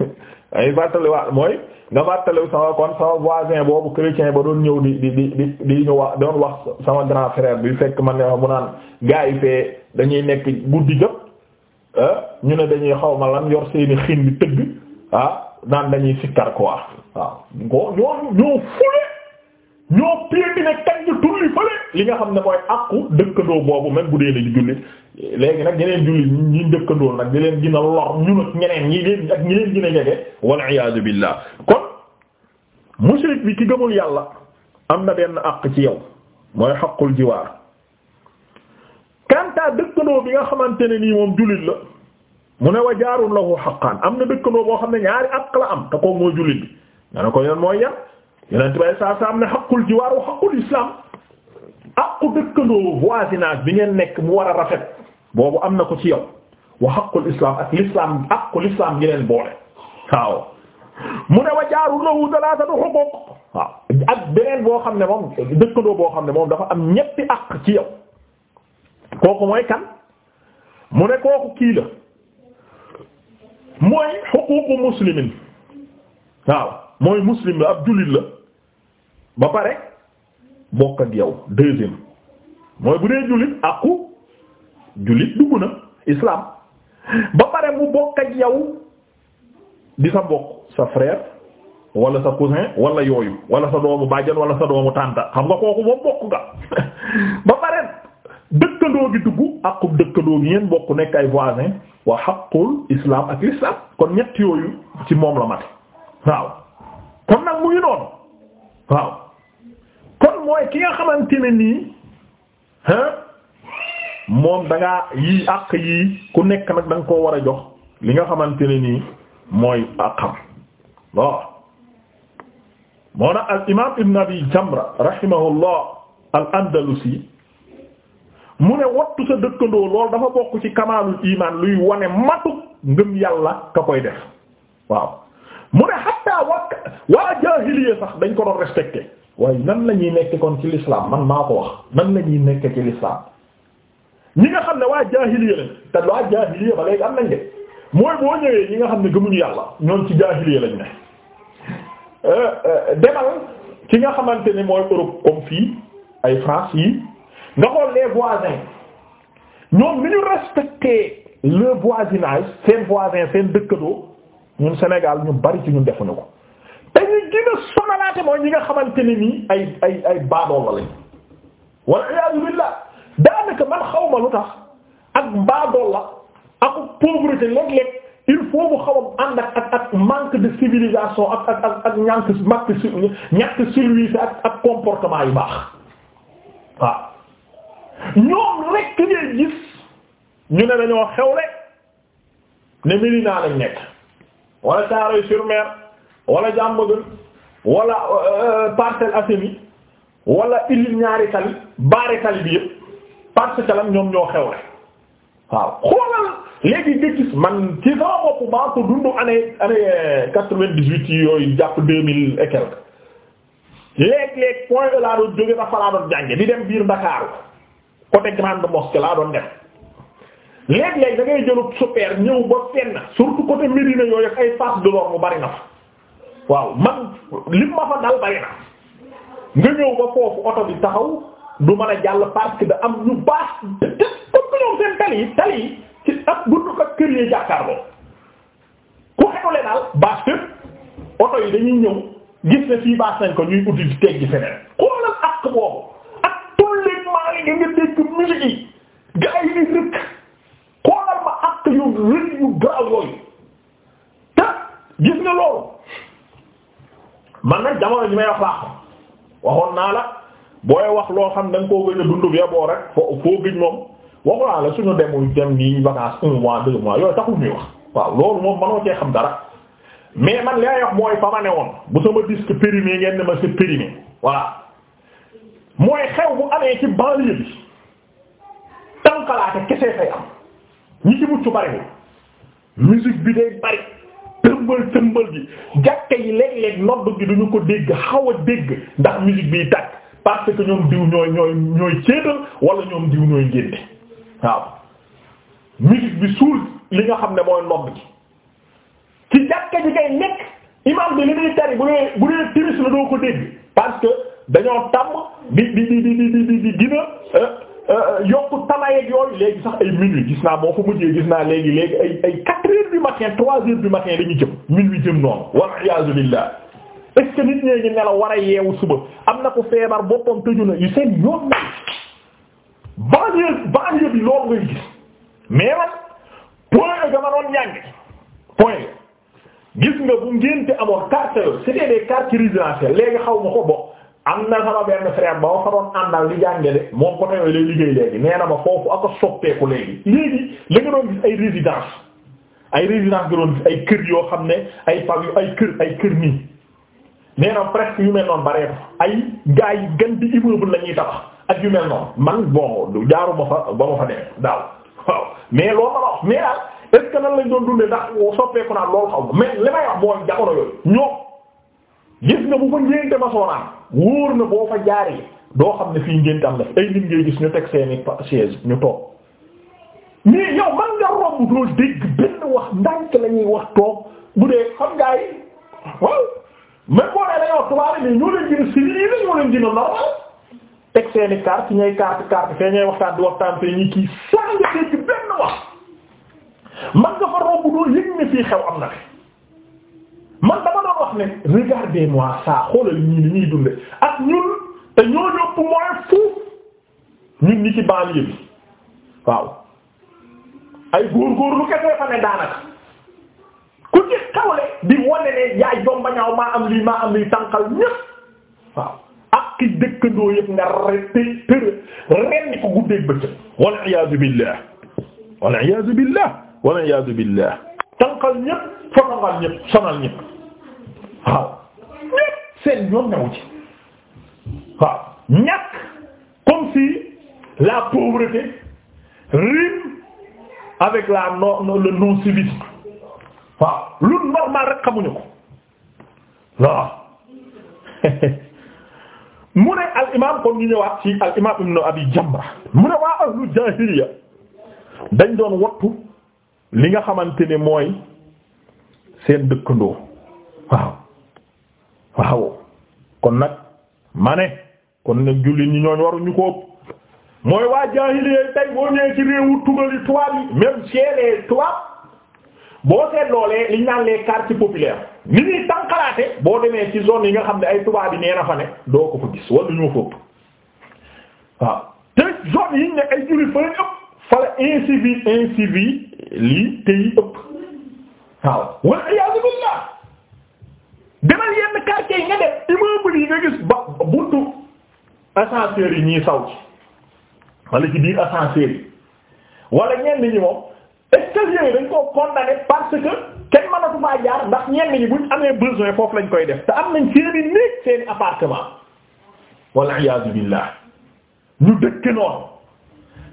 ay fàttali waa mooy nga fàttali sama kon sama voisin boobu chrétien ba doon ñëw di di di di di wax doon wax sama grand frère bi fekk man ne mu naan gars yi fee dañuy nekk guddi jëpp Euh, ñu ne dañuy xaw ma lan yor seeni xin bi tëgg ah naan dañuy sikkar quoi waaw ñoo ñoo fule ñoo piéti ne kañ ñu tulli fële li nga xam ne mooy àqu dëkkandoo boobu même bu dee la di jullit léegi nag ñeneen jullit ñi ñu dëkkandoo nag di leen gën a lor ñun ñeneen ñi leen ak ñi leen gën a jege wal iyaadu billah kon mushrik bi ki gëmul yàlla am na benn àq ci yow mooy xaqul jiwaar kanta dëkkandoo bi nga xamante ne nii moom jullit la mu ne wa jaarul lahu haqqan am na dëkkandoo boo xam ne ñaari àq la am te kooku mooy jullit bi nga ko yoon mooy yan yeneen tubaab saa saa am ne haqqul jiwaar wa haqqul islam àqu dëkkandoo voisinage bi ngeen nekk mu war a rafet boobu am na ko ci yow wa haqqul islam ak l'islam àqu l'islam gi wa jaarul lahu thalathatu huquq waaw ak boo xam ne moom dëkkandoo boo xam ne moom dafa am ñetti àq ci yow. kooku mooy kan mu ne kooku kii la mooy xuquuqu muslimin waaw mooy muslim la ab jullit la ba pare bokk ak yow deuxième mooy bu dee jullit àqu jullit dugg na islam ba pare mu bokk ak yow di sa mbokk sa frère wala sa cousin wala yooyu wala sa doomu bàjjan wala sa doomu tànta xam nga kooku moom bokk nga ba pare dëkkandoo gi dugg aqub dëkkandoo gi yéen bokk nekk ay voisin wa xaqul islam ak l'islam kon ñett yooyu ci moom la mate waaw kon nag mu ngi noonu waaw kon mooy ki nga xamante ne nii moom da yi yii àq ku nekk nag da koo war a jox li nga xamante ne nii mooy àqam waaw moo na al imam ibn abi jamra rahimahullah al andalusi mu ne wattu sa dëkkandoo loolu dafa bokk ci kamaalul imaan luy wane matuk ngëm yàlla ka koy def waaw mu ne xatta waa waa sax dañ ko doon respecté waaye nan la ñuy nekk kon ci lislaam man maa ko wax nan la ñuy nekk ci l'islam ñi nga xam ne waa jaahiliya lañ te waa jaahiliya ba léegi am nañ de mooy boo ñëwee ñi nga xam ne gëmuñu yàlla ñoom ci jaahiliya lañ ne euh, euh, demal ki nga xamante ni mooy Europe comme fii ay France yi nga xool les voisins ñoom ni ñu respecté le voisinage seen voisin seen dëkkandoo ñun Sénégal ñu bari ci ñun defuñu ko te ñu gën a sonalaate mooy ñi nga xamante ne nii ay ay ay baadoola lañ wala iyaazu billah daanaka man xawma lu tax ak baadool la ak pauvreté léeg-léeg il faut bu xaw a ànd ak ak de civilisation ak ak ak ak ñàkk ñàkk ak ak comportement yu baax waaw ñoom rek ngay gis ñu ne dañoo xewle ne Medina lañ nekk wala Thiaroye-sur-Mer wala Diamaguène wala euh, Parcelles Assainies wala ñaari tali baari tali bi parce que lan ñoom ñoo xewle waaw xoolal léegi nga gis man ci sama bopp maa dundu année année euh, quatre-vingt-dix-huit yooyu jàpp deux mille et quelque léeg point de la jóge na laa doon jànge di dem biir Ndakaaru côté grande mosquée laa doon def léeg-léeg da ngay jëlub super ñëw ba fenn surtout côté Médina yooyu ay face de l'or mu bari na fa waaw man li ma fa dal bari na nga ñëw ba foofu oto bi taxaw du mën a jàll parce que da am ñu baax te comme ñoom seen tali yi ko kër yi jàkkaarloo ku xetole daal baax fépp oto yi dañuy ñëw gis ne fii baax nañ ko ñuy uddi di teggi feneen xoolal man jamono ji may wax laa waxoon naa la booy wax loo xam da nga koo gëj a bi boo rek foo foo gëj moom waxu naa la suñu demul dem nii vacances un mois deux mois yooyu taxul ñuy wax waaw loolu moom manoo xam dara mais man li may wax mooy fa ma ne woon bu sama disque périmé ngeen ne ma c'est périmé voilà mooy xew bu amee ci banlieue bi tànkalaate kese fay am ñi ci mucc bari musique bi day bari. tëmbal tëmbal gi jàkka yi léeg-léeg nodd gi duñu ko dégg xaw a dégg ndax musique biy tàkk parce que ñoom diw ñooy ñooy ñooy céetal wala ñoom diw ñooy ngénte waaw musique bi suul li nga xam ne mooy nodd gi ci jàkka ji kay nekk imam bi li muy tari bu dee bu dee tiris la doo ko dégg parce que dañoo tàmm di di di di di di di dina Euh, yokku tamayeeg yooyu léegi sax ay minuit gis naa moo fa mujjee gis naa léegi léegi ay ay quatre heures du matin trois heures du matin dañuy jëm minuit jëm noonu wal iyaazu billah est ce que nit ñee ngi nelaw war a yeewu suba am na ko feebar boppam tëju na yu seen yoon na banlieue banlieue bi loolu ngay gis mais point ga ma doon ñànge point gis nga bu ngénte amoon quartier c'était des quartiers résidentiels léegi xaw ma ko bokk am na sama benn frère ba ma fa doon àndal li jànge de moom côté yooyu lay liggéey léegi nee na ma foofu ak a soppeeku léegi léegi la nga doon gis ay résidence ay résidence nga doon ay kër yoo xam ne ay pal yu ay kër ay kër nii nee na presque yu mel noonu bareetu ay gaa yi gën di immeuble la tabax ak yu mel noonu man bon jaaruma fa ba ma fa demee daaw waaw mais loolu ma la wax mais daal est doon dundee ndax soppeeku naa loolu xaw mais li may wax mooy jamono gis nga bu fa ngénte ma soonaan wóor na boo fa jaaree doo xam ne fii ngénte am na ay nit ngay gis ñu teg seeni chaise ñu toog mais yow man nga romb loolu dégg benn wax ndànk la wax toog bu dee xam ngaa yi waaw même boo dee dañoo tubaab yi ñoo leen gën a civilisé ñoo leen gën a teg seeni carte ñay carte carte fee ñay waxtaan di waxtaan fee ñi kii saa dégg benn wax man nga fa romb loolu yëg ne fii xew am na fi man dama doon ne regardez-moi ça xoolal ñii ni ñuy dunde ak ñun te ñoo ñëpp mooy fuuf ñun ñi ci banlieue bi waaw ay góorgóorlu kese fa ne daanaka ku ci xawle di wane ne yaay jomba ñaaw maa am lii maa am lii tànqal ñëpp waaw ak ki dëkkandoo yëpp nga rete tërë ren ko guddeeg bëccëg wal iyaazu billah wal iyaazu billah wal iyaazu billah tànqal ñëpp fotongal ñëpp sonal ñëpp waaw ñépp seen ñoom ñaw ci ñàkk comme si la pauvreté rime avec la non le non civisme waaw lu normal rek xamuñu ko waaw mu ne al imam kon ñu ñëwaat ci al imam abi jamra mu ne waa ahlu jahiliya dañ doon wattu li nga xamante ne mooy seen dëkkandoo waaw waaw kon nag ma ne kon nag jullit ñi ñooñ waruñu ko mooy waa jaahiliya tay boo ñëwee ci réewu tugali tubaab yi même chez les tubaab boo seet loolee liñ naan les quartiers populaires ni ñuy tànqalaate boo demee ci zone yi nga xam ne ay tubaab yi nee na doo ko fa gis wala ñoo fëpp waaw te zone yi ne ay jullit fa lañ fa la incivil incivil lii te ëpp waaw wala iyaazu demal yenn quartier yi nga def immeuble yi nga gis ba buntu ascenseur ñuy saw ci wala ci biir ascenseur yi wala ñenn ñi moom escalier yi dañ koo condamné parce que kenn mënatu faa jaar ndax ñenn ñi buñ amee besoin foofu lañ koy def te am nañ seeni néeg seen appartement walla iyaazu billaah ñu dëkk noonu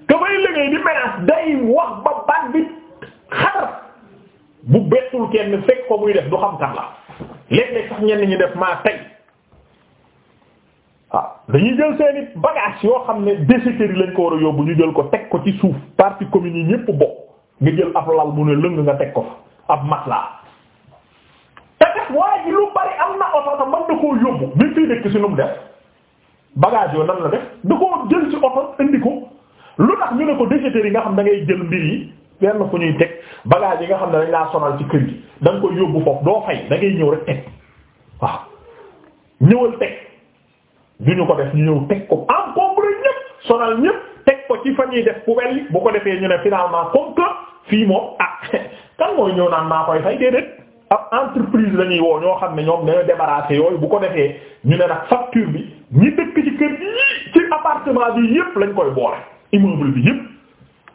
te bay liggéey di menace day wax ba baat bi xatar bu bettul kenn fekk ko muy def du xam kan la léeg-léeg sax ñenn ñi def maa tey waaw dañuy jël seeni bagage yoo xam ne déchetterie lañ ko war a yóbbu ñu jël ko teg ko ci suuf parti commune yi ñépp bokk nga jël ab lal bu ne lëng nga teg ko fa ab matelas te def waaye ji lu bari am na oto te mën na koo yóbbu bi fii dëkk si nu mu def bagage yoo nan la def da koo jël ci oto indi ko lu tax ñu ne ko déchetterie yi nga xam da ngay jël mbir yi benn fu ñuy teg bagage yi nga xam ne dañ laa sonal ci kër gi da nga koy yóbbu foofu doo fay da ngay ñëw rek teg waaw ñëwal teg du ñu ko def ñu ñëw teg ko encombré ñëpp sonal ñëpp teg ko ci fa ñuy def poubelle bu ko defee ñu ne finalement comme que fii moom ah kan mooy ñëw naan maa koy fay déedéet ab entreprise la ñuy woo ñoo xam ne ñoom dañoo débarrassé yooyu bu ko defee ñu ne nag facture bi ñi dëkk ci kër gi ci appartement bi yépp lañ koy boole immeuble bi yépp.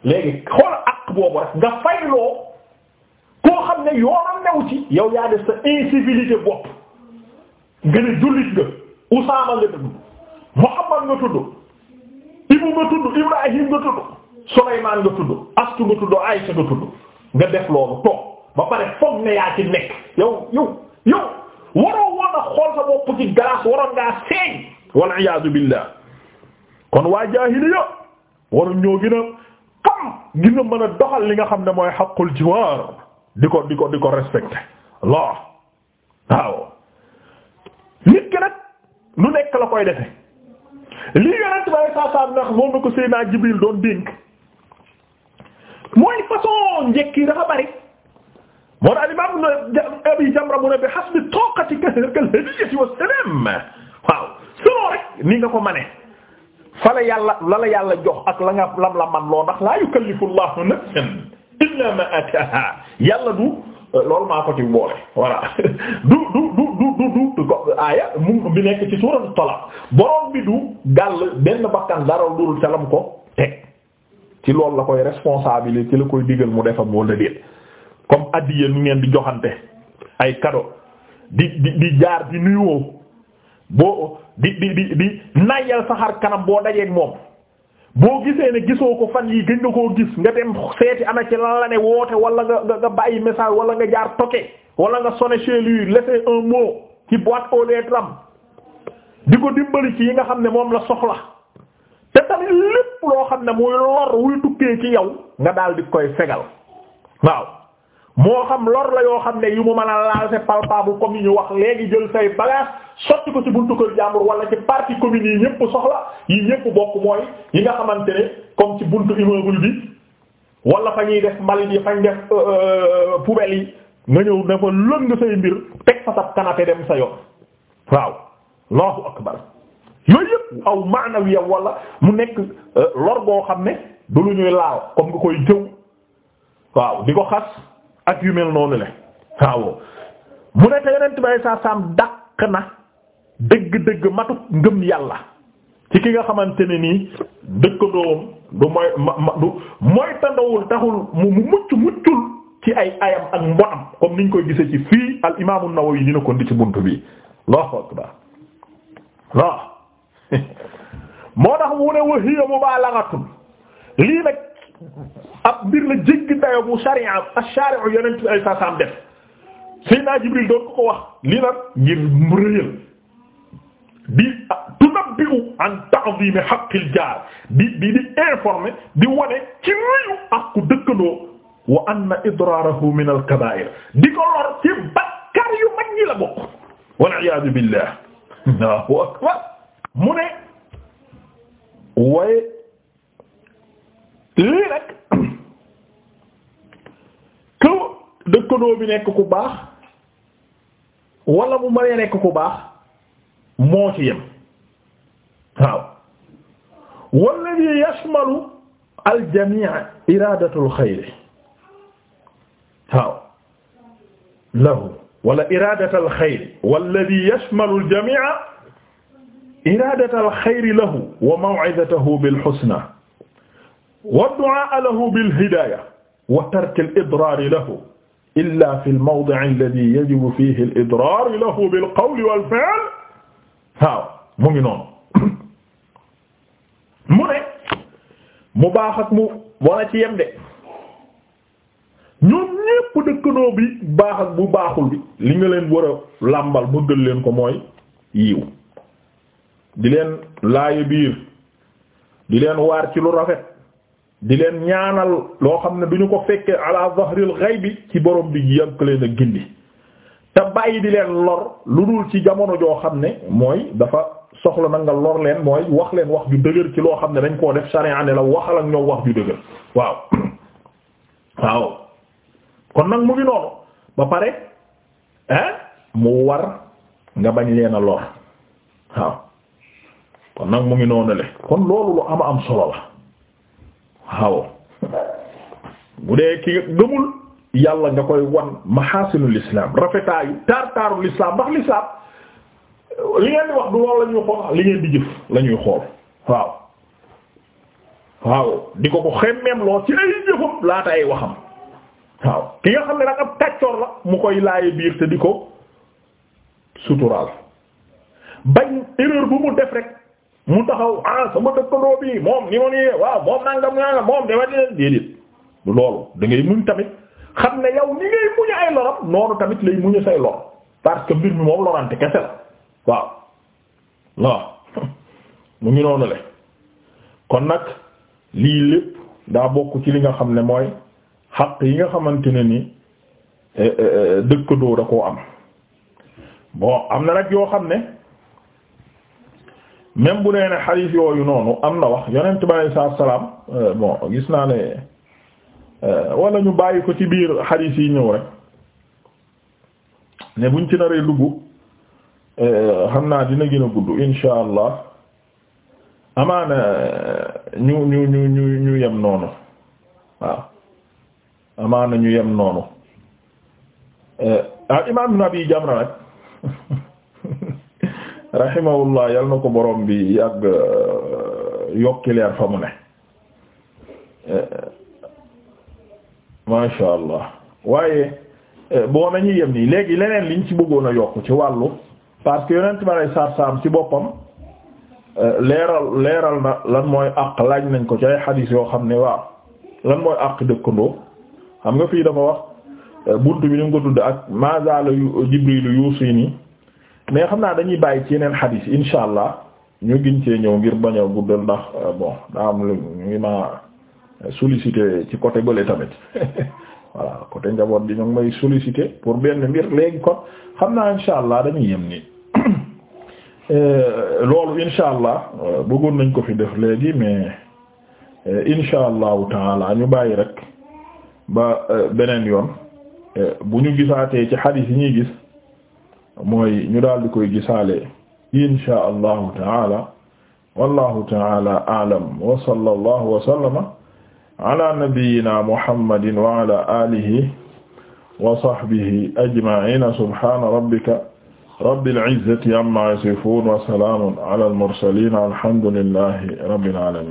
léegi xool ak boobu rek nga fayloo koo xam ne yoonam new ci yow yaa def sa incivilité bopp nga ne jullit nga Usaama nga tudd Muhammad nga tudd Ibnu nga tudd Ibrahim nga tudd Sulaymaan nga tudd Astu nga tudd Aysa nga tudd nga def loolu toog ba pare foog ne yaa ci nekk yow yow yow waroo woon a xool sa bopp ci glace waroon ngaa seeñ wal iyaadu billah kon waa jaahiliya waruñ ñoo gën a xam dina mën a doxal li nga xam ne mooy xaqul jiwaar di ko di ko di ko respecté lool waaw nit ki lu nekk la koy defe li yonent ba ay saasaam ndax moom na ko Seydina Jibril doon dénk mooy façon njëkk yi dafa bari moo tax Imaam Abi Jamra mu ne bi hasbi taqati kal hadiyati wa salam waaw solo rek ni nga ko mane fa la yàlla la la yàlla jox ak la nga lam la man loo ndax laa yukallifu llahu nafsan illa ma ataha yàlla du euh, loolu maa ko ci boole voilà du du du du du ko aaya mu bi nekk ci suuratu talaq borom bi du gàll benn bakkan dara dul salam ko teg ci loolu la koy responsabilité ci la koy digal mu defam wala déet comme addiya nu ngeen di joxante ay cadeau di di di jaar di nuyoo boo di di di di nayal sa xar kanam boo dajeeg moom boo gisee ne gisoo ko fan yi gën nga koo gis nga dem seeti ana ci lan la ne woote wala nga nga bàyyi message wala nga jaar toqué wala nga sonné chez lui laisser un mot ci boîte aux lettres di ko dimbali ci yi nga xam ne moom la soxla te tamit lépp loo xam ne muy lor wuy tukkee ci yow nga daal di koy fegal waaw. moo xam lor la yoo xam ne yu mu man a laal c'est palpable comme yi ñu wax léegi jël say bagage sotti ko ci buntu kër jàmbur wala ci partie commune yi ñëpp soxla yi ñëpp bokk mooy yi nga xamante ne comme ci buntu immeuble bi wala fa ñuy def mbalit yi fañ def euh, euh, poubelle yi nga ñëw dafa lëng say mbir teg fa sa canapé dem sa yoon waaw allahu akbar yooyu yëpp aw maanawiya wala mu nekk euh, lor boo xam ne du lu ñuy laal comme nga koy jëw waaw di ko xas ak yu mel noonu le waaw mu ne te yonent bay saa saam dàq na dëgg-dëgg matuk ngëm yàlla ci ki nga xamante ne nii dëkkandoom du mooy du mooy tandawul taxul mu mucc muccul ci ay ayam ak mbonam comme niñ koy gisee ci fii al imaamu Nawawi dina ko ndi ci bunt bi Allahu moo tax mu ne wa hiya mubaalagatun lii nag ab mbir la jéggi dayo bu sharia ash-shari'u yonent Jibril doon ko wax li lan ngir mu rëyal di tunabbi'u jaar di di di informer di wane ci ku dëkkandoo wa anna idraarahu min al-kabaa'ir di yu mag ñi la bokk wal iyaadu dëkkandoo bi nekk ku baax wala bu mënee nekk ku baax moo ci yem waaw walladi yashmalu aljamii iradatul xayri waaw lahu wala iradatul xayri walladi yashmalu aljamii iradatul xayri lahu wa maw'izatahu bil husna wa du'aa lahu bil hidaaya wa tarkil idraari lahu illa fi al-mawdi' alladhi yajibu fihi al-idrar lahu bil qawli wal fi'l waaw mu ngi noonu mu ne mu baax ak mu wala ci yem de ñoom ñépp dëkkandoo bi baax ak bu baaxul bi li nga leen war a làmbal bëggal leen ko mooy yiw di leen laayu biir di leen waar ci lu rafet di leen ñaanal loo xam ne du ñu ko fekkee ala zahril bi ci borom bi yàgg leen a gindi te bàyyi di leen lor lu dul ci jamono joo xam ne mooy dafa soxla na nga lor leen mooy wax leen wax ju dëgër ci loo xam ne dañ koo def sharia ne la waxal ak ñoom wax ju dëgër waaw waaw kon nag mu ngi noonu ba pare mu war nga bañ leen a lor waaw nag mu ngi noonu le kon loolu lu ama am solo la waaw bu dee ki gëmul yàlla nga koy wan mahasinul islam rafetaayu taar taarul islam ndax l'islam li ngeen di wax du loolu la ñuy xool li ngeen di jëf la xool waaw waaw di ko ko xemmeem loo ci ay jëfam laata ay waxam waaw ki nga xam ne nag ab tàccoor la mu koy laaye biir te di ko suturaal bañ erreur bu mu def rek mu taxaw ah sama dëkkandoo bi moom ni ma nii waaw moom nangam nangam moom dama di leen déedéet du loolu da muñ tamit xam ne yow ni ngay muñ ay loram noonu tamit lay muñ say lor parce que mbir mi moom lorante kese la waaw waaw mu ngi noonu le kon nag lii lépp daa bokk ci li nga xam ne mooy xaq yi nga xamante ne ni eh, eh, eh, dëkkandoo da koo am bon am na nag yoo xam ne. même bu nee ne xadiis yooyu noonu am na wax yonent bi alayhi salaatu salaam euh, gis naa ne euh, walla ñu bàyyi ko ci biir xadiis yi ñëw rek ne buñ ci naree dugg euh, xam naa dina gën a gudd insha allah amaana ñu ñu ñu ñu ñu yem noonu waaw amaana ñu yem noonu al imaam Nabi Jamra rek rahimahullah yal na ko borom bi yàgg euh, yokki leer fa mu ne euh, masha allah waaye euh, boo nañu yem nii léegi leneen liñ ci bëggoon a yokk ci wàllu parce que yonent ma lay saar-saam ci boppam leeral leeral na lan mooy àq laaj nañ ko ci ay xadiis yoo xam ne waaw lan mooy àq dëkkandoo xam nga fii dafa wax bunt bi ni mu ko tudd ak mazala jibrilu yuusi nii mais xam naa dañuy bàyyi ci yeneen xadiis insha allah ñu giñ cee ñëw ngir bañ a guddal ndax euh, bon daa am lu ngi ma sollicité ci côté bële tamit voilà côté njaboot bi ñu ngi may sollicité pour benn mbir léegi kon xam naa insha allah dañuy yem nii euh, loolu insha allah euh, bëggoon nañ ko fi def léegi mais insha allahu taala ñu bàyyi rek ba beneen yoon bu ñu gisaatee ci xadiis yi ñuy gis mooy ñu daal di koy gisaale insha allahu taala wallahu taala a'lam wa sallallahu wa sallama ala nabiyyina muhammadin wa ala alihi wa sahbihi ajma'ina subhana rabbika rabbil izzati amma yasifun wa salamun ala al mursalin alhamdulillahi rabbil alamin